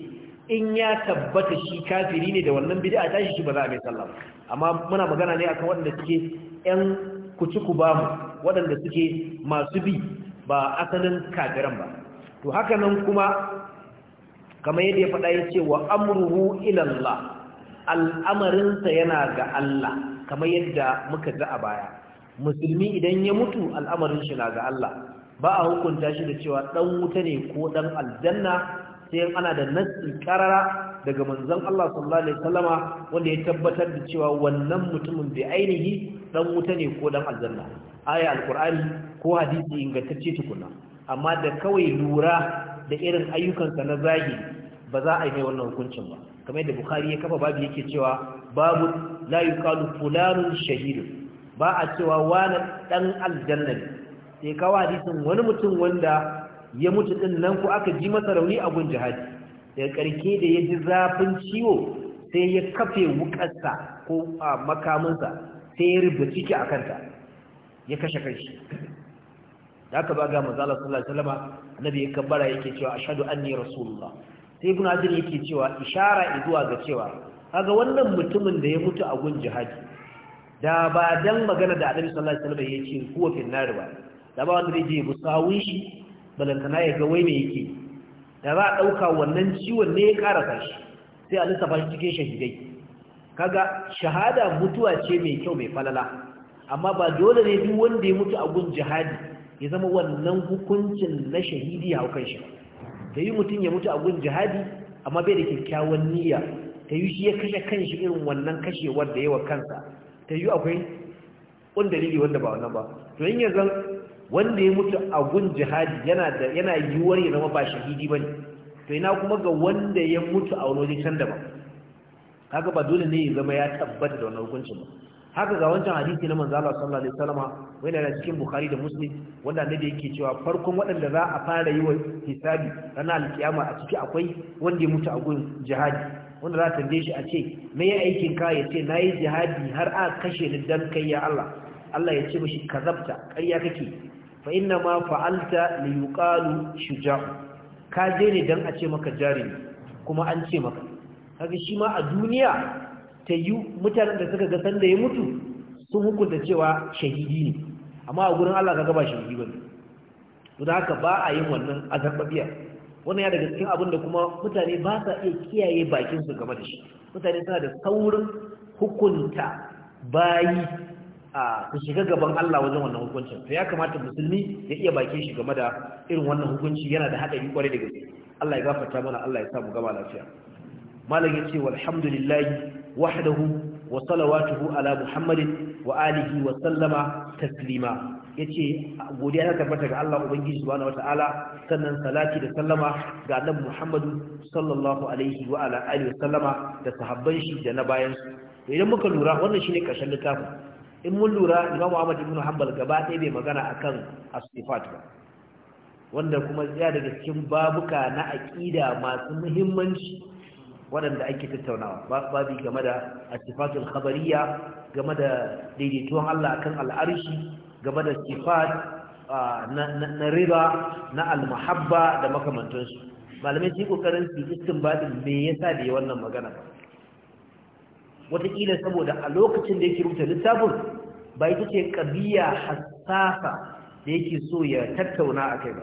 in ya tabbata shi kafiri ne da wannan bid'a ta shi ba za a mai sallah amma muna magana ne akan wanda suke yan kuci bamu waɗanda suke masu bi ba asalin kafiran ba to haka nan kuma kamar yadda ya faɗa ya ce wa amruhu al'amarinsa yana ga Allah kamar yadda muka ji a baya musulmi idan ya mutu al'amarin shi na ga Allah ba a hukunta shi da cewa ɗan wuta ne ko dan aljanna sai ana da nassin karara daga manzon Allah sallallahu alaihi wasallama wanda ya tabbatar da cewa wannan mutumin bai ainihi ɗan wuta ne ko dan aljanna aya alqur'ani ko hadisi ingantacce tukuna amma da kawai lura da irin ayyukansa na zagi ba za a yi wannan hukuncin ba kamar yadda bukhari ya kafa babu yake cewa babu la yuqalu fulanun shahidun ba a cewa wani ɗan aljanna ne sai kawo hadisin wani mutum wanda ya mutu ɗin nan ko aka ji masa rauni a gun jihadi da ƙarke da ya ji zafin ciwo sai ya kafe wukarsa ko a makaminsa sai ya rubuta ciki a kanta ya kashe kanshi da aka ba ga mazala sallallahu alaihi wasallam annabi ya kabbara yake cewa ashhadu anni rasulullah sai ibn hajar yake cewa ishara zuwa ga cewa kaga wannan mutumin da ya mutu a gun jihadi da ba dan magana da annabi sallallahu alaihi wasallam yake kuwa fil nar ba da ba wanda yake musawin shi balantana ya ga wai me yake da za a dauka wannan ciwon ne ya karasa shi sai a lissafa shi cikin shahidai kaga shahada mutuwa ce mai kyau mai falala amma ba dole ne duk wanda ya mutu a gun jihadi ya zama wannan hukuncin na shahidi a kan shi ta yi mutum ya mutu a gun jihadi amma bai da kyakkyawan niyya ta yi shi ya kashe kanshi irin wannan kashewar da yawa kansa ta yi akwai wani dalili wanda ba wannan ba to in yanzu wanda ya mutu a gun jihadi yana yiwuwar ya zama ba shahidi ba ne to ina kuma ga wanda ya mutu a wani waje can da ba kaga ba dole ne ya zama ya tabbata da wannan hukuncin ba haka ga wancan hadisi na manzo Allah sallallahu alaihi wasallama wanda yana cikin Bukhari da Muslim wanda annabi yake cewa farkon waɗanda za a fara yi wa hisabi ranar alkiyama a ciki akwai wanda ya mutu a gun jihadi wanda za ta tambaye shi a ce me ya aikin ka ya ce yi jihadi har a kashe ni dan kai ya Allah Allah ya ce mishi kazabta ƙarya kake fa inna ma fa'alta li yuqalu shuja'u ka je ne dan a ce maka jarimi kuma an ce maka kaga shi ma a duniya ta yi mutanen da suka ga sanda ya mutu sun hukunta cewa shahidi ne amma a gurin Allah kaga ba shahidi bane don haka ba a yin wannan azabbiya wannan ya daga cikin abin da kuma mutane ba sa iya kiyaye bakinsu game da shi mutane suna da saurin hukunta bayi a su shiga gaban Allah wajen wannan hukuncin to ya kamata musulmi ya iya bakin shi game da irin wannan hukunci yana da haɗari kwarai da gaske Allah ya gafarta mana Allah ya sa mu gaba lafiya malam ya ce walhamdulillahi wahdahu wa salawatuhu ala muhammadin wa alihi wa sallama taslima yace godiya ta tabbata ga Allah ubangiji subhanahu wataala sannan salati da sallama ga annabi muhammadu sallallahu alaihi wa ala alihi wa sallama da sahabban shi da na bayan su idan muka lura wannan shine karshen littafin in mun lura Imam Ahmad ibn Hanbal gaba ɗaya bai magana akan as-sifat ba wanda kuma ya daga cikin babuka na aqida masu muhimmanci waɗanda ake tattaunawa babi game da asifatul khabariya game da daidaituwan Allah kan al'arshi game da sifat na riba na almahabba da makamantansu malamai su yi ƙoƙarin su istinbadin me yasa da yi wannan magana wataƙila saboda a lokacin da yake rubuta littafin ba ita ce ƙabiya hassasa da yake so ya tattauna a kai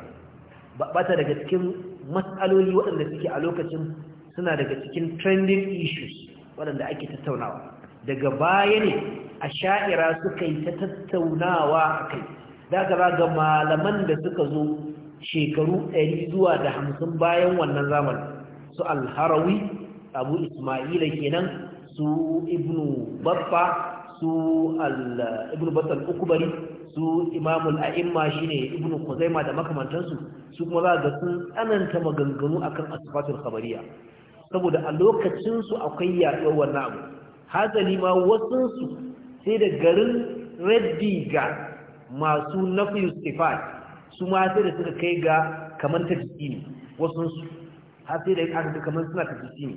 ba ba ta daga cikin matsaloli waɗanda suke a lokacin suna daga cikin trending issues waɗanda ake tattaunawa daga baya ne a sha'ira suka yi ta tattaunawa a kai daga ba ga malaman da suka zo shekaru 100 zuwa da hamsin bayan wannan zamanin su alharawi abu ismaila kenan su ibnu babba su ibnu batal ukubari su imamul a'imma shine ibnu kuzaima da makamantansu su kuma za ga sun tsananta maganganu akan asfatul khabariya saboda a lokacinsu akwai yaɗuwar wannan abu hazali ma wasunsu sai da garin raddi ga masu nafiyu sifat su ma sai da suka kai ga kamar ta ne wasunsu har sai da ya ga kamar suna ta ne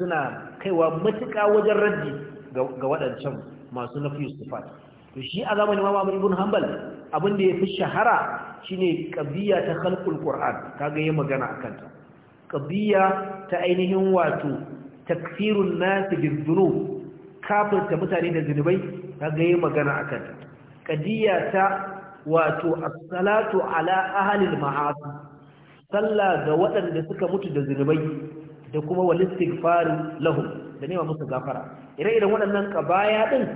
suna kaiwa matuƙa wajen raddi ga waɗancan masu nafiyu sifat to shi a zamanin ma Muhammad ibn Hanbal abin da yafi shahara shine kabiya ta khalqul Qur'an kaga yayi magana akan ta ƙabiya ta ainihin wato takfirun nasu birzunu kafinta mutane da zunubai ta gaye magana a kanta ƙadiyya ta wato Asalatu ala ahalil ma'asu sallah ga waɗanda suka mutu da zunubai da kuma walistik farin lahun da nema musu gafara ire-iren waɗannan ƙabaya ɗin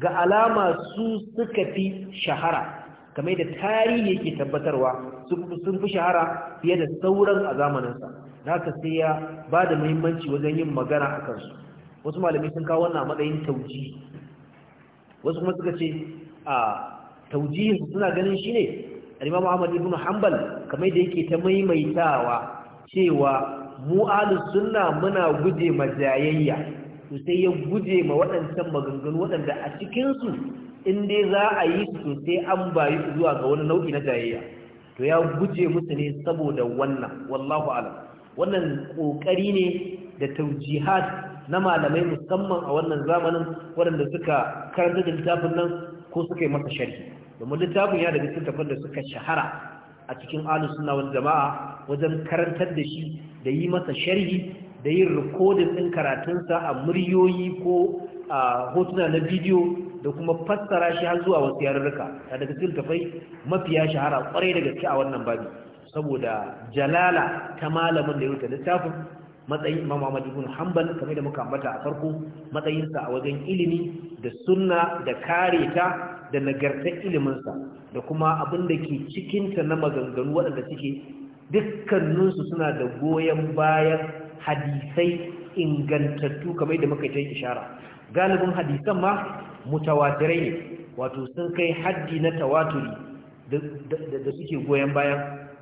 ga alama su suka fi shahara kamar da tarihi yake tabbatarwa sun fi shahara fiye da sauran a zamaninsa da haka sai ya ba da muhimmanci wajen yin magana a kansu wasu malamai sun kawo wannan a matsayin tauji wasu kuma suka ce a taujihin suna ganin shi ne alimamu Muhammadu ibn hanbal kamar da yake ta maimaitawa cewa mu suna sunna muna guje ma jayayya to sai ya guje ma waɗancan maganganu waɗanda a cikinsu in dai za a yi su sai an bayi zuwa ga wani nau'i na jayayya to ya guje musu ne saboda wannan wallahu alam wannan kokari ne da taujihat na malamai musamman a wannan zamanin waɗanda suka karanta da littafin nan ko suka yi masa sharhi domin littafin ya daga cikin tafin da suka shahara a cikin alu sunna wal jama'a wajen karantar da shi da yi masa sharhi da yin rikodin ɗin karatunsa a muryoyi ko a hotuna na bidiyo da kuma fassara shi har zuwa wasu yarurruka da daga cikin tafai mafiya shahara kwarai da gaske a wannan babi saboda jalala ta malamin da ya wuce littafin matsayin Imam Muhammad ibn Hanbal kamar da muka ambata a farko matsayinsa a wajen ilimi da sunna da kare ta da nagartar iliminsa da kuma abin da ke cikinta na maganganu waɗanda suke dukkaninsu suna da goyon bayan hadisai ingantattu kamar da muka yi ishara galibin hadisan ma mutawatirai ne wato sun kai haddi na tawaturi da suke goyon bayan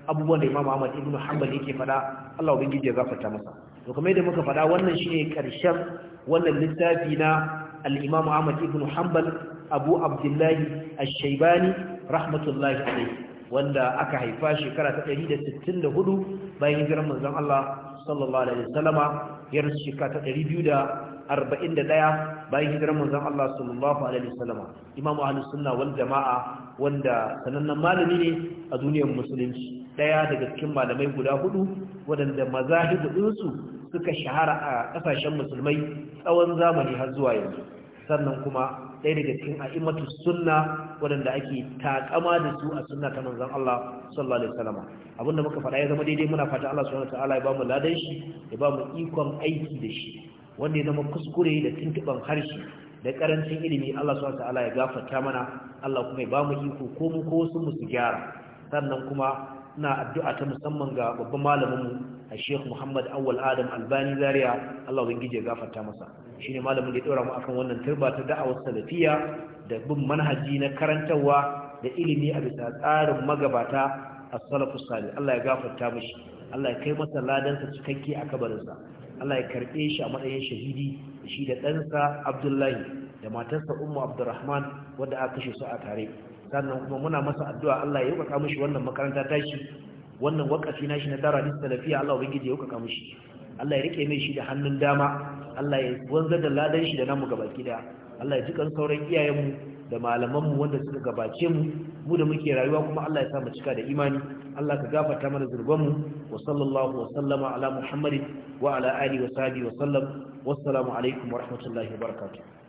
abubuwan da Imam Ahmad ibn Hanbal yake faɗa Allah ubangiji ya gafarta masa to kamar yadda muka faɗa wannan shine karshen wannan littafi na al-Imam Ahmad ibn Hanbal Abu Abdullah Ash-Shaybani rahmatullahi alayhi wanda aka haifa shekara ta 164 bayan hijirar manzon Allah sallallahu alaihi wasallama yar shekara ta arba'in da ɗaya bayan hijirar manzan Allah sallallahu alaihi wasallam imam ahlus sunna wal jama'a wanda sanannen malami ne a duniyar musulunci ɗaya daga cikin malamai guda hudu waɗanda mazahibu ɗinsu suka shahara a ƙasashen musulmai tsawon zamani har zuwa yanzu sannan kuma ɗaya daga cikin a'immatu sunna waɗanda ake takama da su a sunna ta manzon Allah sallallahu alaihi wasallam abinda muka faɗa ya zama daidai muna fata Allah subhanahu wataala ya bamu ladan shi ya bamu ikon aiki da shi wanda ya zama kuskure da tuntuban harshe da karancin ilimi Allah subhanahu ta'ala ya gafarta mana Allah kuma ya ba mu iko ko mu ko wasu mu gyara sannan kuma na addu'a ta musamman ga babban malamin mu a Sheikh Muhammad Awwal Adam Albani Zaria Allah ubangiji ya gafarta masa ne malamin da ya dora mu akan wannan turba ta da'awar da bin manhaji na karantarwa da ilimi a bisa tsarin magabata a salafu salih Allah ya gafarta mishi Allah ya kai masa ladansa cikakke a kabarinsa Allah ya karɓe shi a matsayin shahidi shi da ɗansa Abdullahi da matarsa Ummu Abdurrahman wadda aka kashe su a tare sannan kuma muna masa addu'a Allah ya yauka mishi wannan makaranta tashi wannan wakafi nashi na dara da salafiya Allah ubangiji ya yauka mishi Allah ya rike mai shi da hannun dama Allah ya wanzar da ladan shi da namu gabaki da Allah ya ji kan sauran iyayenmu da malamanmu wanda suka gabace mu mu da muke rayuwa kuma Allah ya sa mu cika da imani Allah ka gafarta mana zurbanmu wa sallallahu wa sallama ala Muhammadin wa ala alihi wa sahbihi wa sallam wassalamu alaikum wa rahmatullahi wa barakatuh